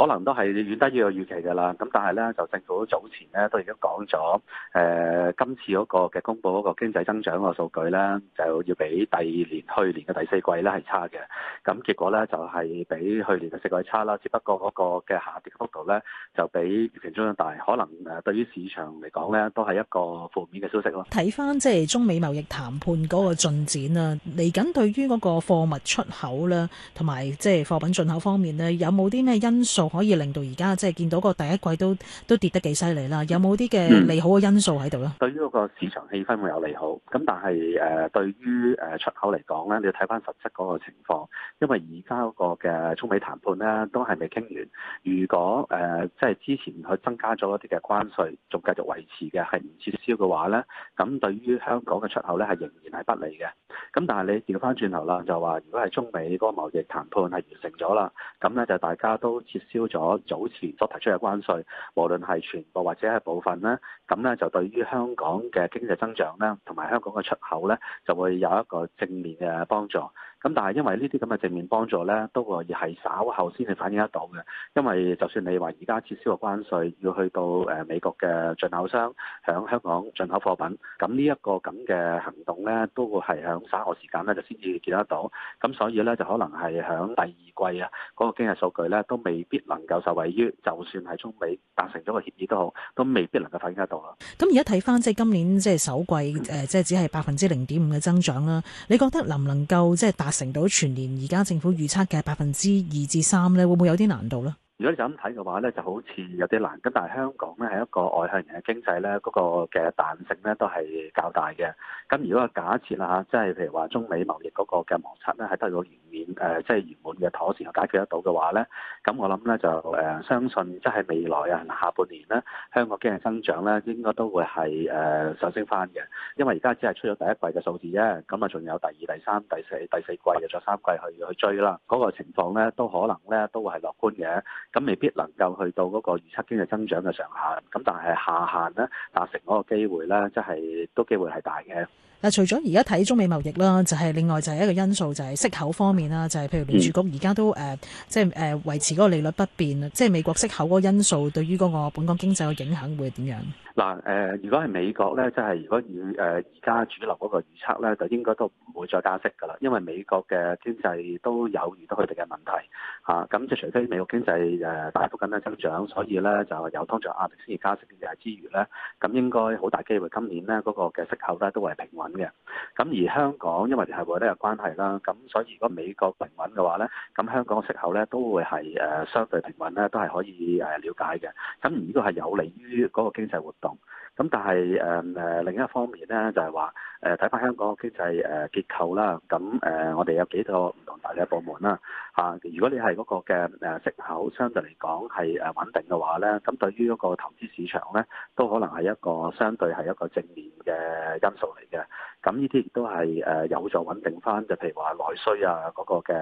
可能都係遠低於個預期㗎啦。咁但係咧，就政府早前咧都已經講咗，誒、呃、今次嗰個嘅公布嗰個經濟增長個數據咧，就要比第二年去年嘅第四季咧係差嘅。咁結果咧就係、是、比去年嘅四季差啦。只不過嗰個嘅下跌幅度咧就比預期中要大，可能誒對於市場嚟講咧都係一個負面嘅消息咯。睇翻即係中美貿易談判嗰個進展啊，嚟緊對於嗰個貨物出口啦，同埋即係貨品進口方面咧，有冇啲咩因素？可以令到而家即係見到個第一季都都跌得幾犀利啦，有冇啲嘅利好嘅因素喺度咯？對於嗰個市場氣氛會有利好，咁但係誒、呃、對於誒出口嚟講咧，你要睇翻實質嗰個情況，因為而家嗰個嘅中美談判咧都係未傾完。如果誒即係之前佢增加咗一啲嘅關稅，仲繼續維持嘅係唔撤銷嘅話咧，咁對於香港嘅出口咧係仍然係不利嘅。咁但係你調翻轉頭啦，就話如果係中美嗰個貿易談判係完成咗啦，咁咧就大家都撤銷。消咗早前所提出嘅關稅，無論係全部或者係部分咧，咁咧就對於香港嘅經濟增長咧，同埋香港嘅出口咧，就會有一個正面嘅幫助。咁但係因為呢啲咁嘅正面幫助呢，都會係稍後先係反映得到嘅。因為就算你話而家撤銷個關稅，要去到誒美國嘅進口商喺香港進口貨品，咁呢一個咁嘅行動呢，都會係喺稍後時間呢，就先至見得到。咁所以呢，就可能係喺第二季啊，嗰、那個經濟數據呢都未必能夠受惠於，就算係中美達成咗個協議都好，都未必能夠反映得到咯。咁而家睇返即係今年即係首季即係只係百分之零點五嘅增長啦。你覺得能唔能夠即係大？成到全年而家政府預測嘅百分之二至三咧，會唔會有啲難度咧？如果你就咁睇嘅話咧，就好似有啲難。咁但係香港咧係一個外向型嘅經濟咧，嗰個嘅彈性咧都係較大嘅。咁如果假設啦嚇，即係譬如話中美貿易嗰個嘅摩擦咧，係得到完滿誒，即係完滿嘅妥善解決得到嘅話咧，咁我諗咧就誒相信，即係未來啊下半年咧，香港經濟增長咧應該都會係誒上升翻嘅。因為而家只係出咗第一季嘅數字啫，咁啊仲有第二、第三、第四第四季嘅再三季去去追啦。嗰個情況咧都可能咧都會係樂觀嘅。咁未必能夠去到嗰個預測經濟增長嘅上限，咁但係下限咧達成嗰個機會咧，即係都機會係大嘅。嗱，除咗而家睇中美貿易啦，就係另外就係一個因素，就係息口方面啦，就係譬如聯儲局而家都誒，即係誒維持嗰個利率不變，即係美國息口嗰個因素對於嗰個本港經濟嘅影響會係點樣？嗱如果係美國咧，即係如果以誒而家主流嗰個預測咧，就應該都唔會再加息㗎啦，因為美國嘅經濟都有遇到佢哋嘅問題嚇。咁即係除非美國經濟誒大幅緊張增長，所以咧就有通脹壓力先至加息嘅之餘咧，咁應該好大機會今年咧嗰個嘅息口咧都係平穩嘅。咁而香港因為係會都有關係啦，咁所以如果美國平穩嘅話咧，咁香港息口咧都會係誒相對平穩咧，都係可以誒瞭解嘅。咁如果個係有利於嗰個經濟活動。咁但係誒誒另一方面咧，就係話誒睇翻香港個經濟誒結構啦。咁誒、呃、我哋有幾個唔同大嘅部門啦嚇、啊。如果你係嗰個嘅誒息口相對嚟講係誒穩定嘅話咧，咁對於一個投資市場咧，都可能係一個相對係一個正面嘅因素嚟嘅。咁呢啲亦都係誒有助穩定翻，就譬如話內需啊嗰個嘅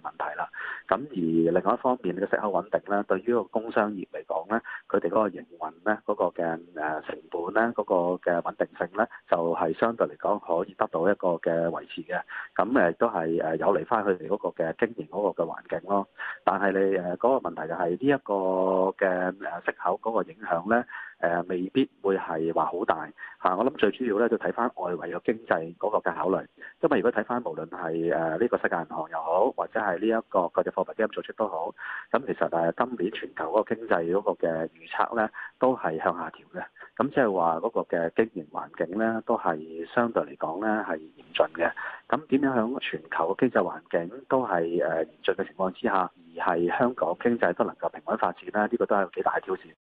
問題啦。咁而另外一方面你嘅息口穩定咧，對於個工商業嚟講咧，佢哋嗰個營運咧嗰個嘅誒成本咧嗰個嘅穩定性咧，就係相對嚟講可以得到一個嘅維持嘅。咁誒都係誒有利翻佢哋嗰個嘅經營嗰個嘅環境咯。但係你誒嗰個問題就係呢一個嘅誒息口嗰個影響咧。誒、呃、未必會係話好大嚇、啊，我諗最主要咧就睇翻外圍嘅經濟嗰個嘅考慮，因為如果睇翻無論係誒呢個世界銀行又好，或者係呢一個國際貨幣基金組織都好，咁其實誒、啊、今年全球嗰個經濟嗰個嘅預測咧都係向下調嘅，咁即係話嗰個嘅經營環境咧都係相對嚟講咧係嚴峻嘅，咁點樣響全球嘅經濟環境都係誒嚴峻嘅情況之下，而係香港經濟都能夠平穩發展咧，呢、這個都係幾大挑戰。